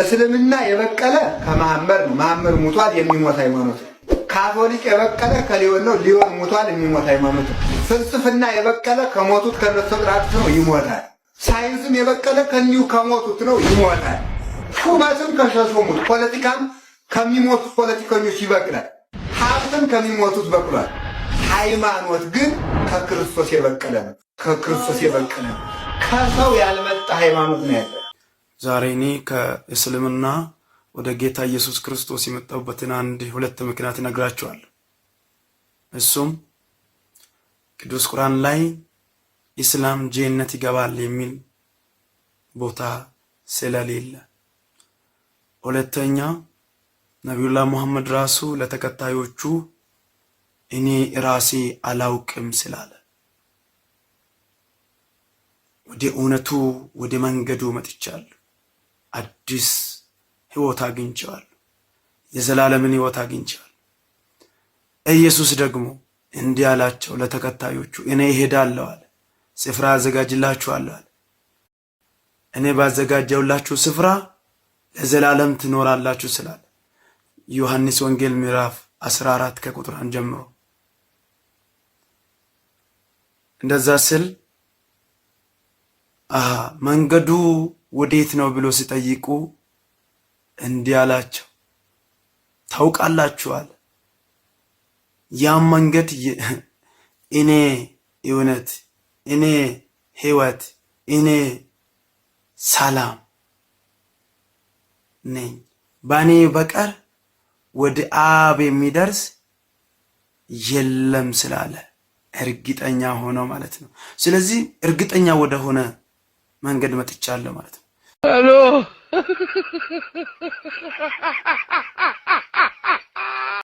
እስልምና የበቀለ ከመሐመድ ነው። መሐመድ ሙቷል፣ የሚሞት ሃይማኖት ካቶሊክ የበቀለ ከሊዮን ነው። ሊዮን ሙቷል፣ የሚሞት ሃይማኖት ፍልስፍና የበቀለ ከሞቱት ከነሶቅራጥስ ነው፣ ይሞታል። ሳይንስም የበቀለ ከኒው ከሞቱት ነው፣ ይሞታል። ሹመትም ከሸሾሙት፣ ፖለቲካም ከሚሞቱት ፖለቲከኞች ይበቅላል። ሀብትም ከሚሞቱት በቅሏል። ሃይማኖት ግን ከክርስቶስ የበቀለ ነው። ከክርስቶስ የበቀለ ነው። ከሰው ያልመጣ ሃይማኖት ነው ያለ ዛሬ እኔ ከእስልምና ወደ ጌታ ኢየሱስ ክርስቶስ የመጣሁበትን አንድ ሁለት ምክንያት እነግራቸዋለሁ። እሱም ቅዱስ ቁርአን ላይ ኢስላም ጀነት ይገባል የሚል ቦታ ስለሌለ፣ ሁለተኛ ነቢዩላህ ሙሐመድ ራሱ ለተከታዮቹ እኔ ራሴ አላውቅም ስላለ ወደ እውነቱ ወደ መንገዱ መጥቻለሁ። አዲስ ህይወት አግኝቸዋል። የዘላለምን ህይወት አግኝቸዋል። ኢየሱስ ደግሞ እንዲህ አላቸው ለተከታዮቹ፣ እኔ እሄዳለሁ አለ፣ ስፍራ አዘጋጅላችኋለሁ አለ። እኔ ባዘጋጀውላችሁ ስፍራ ለዘላለም ትኖራላችሁ ስላለ ዮሐንስ ወንጌል ምዕራፍ 14 ከቁጥር አንድ ጀምሮ እንደዛ ስል አሃ መንገዱ ወዴት ነው ብሎ ሲጠይቁ እንዲህ አላቸው፣ ታውቃላችኋል፣ ያም መንገድ እኔ እውነት፣ እኔ ህይወት እኔ ሰላም ነኝ። በእኔ በቀር ወደ አብ የሚደርስ የለም ስላለ እርግጠኛ ሆኖ ማለት ነው። ስለዚህ እርግጠኛ ወደ ሆነ መንገድ መጥቻለሁ ማለት ነው።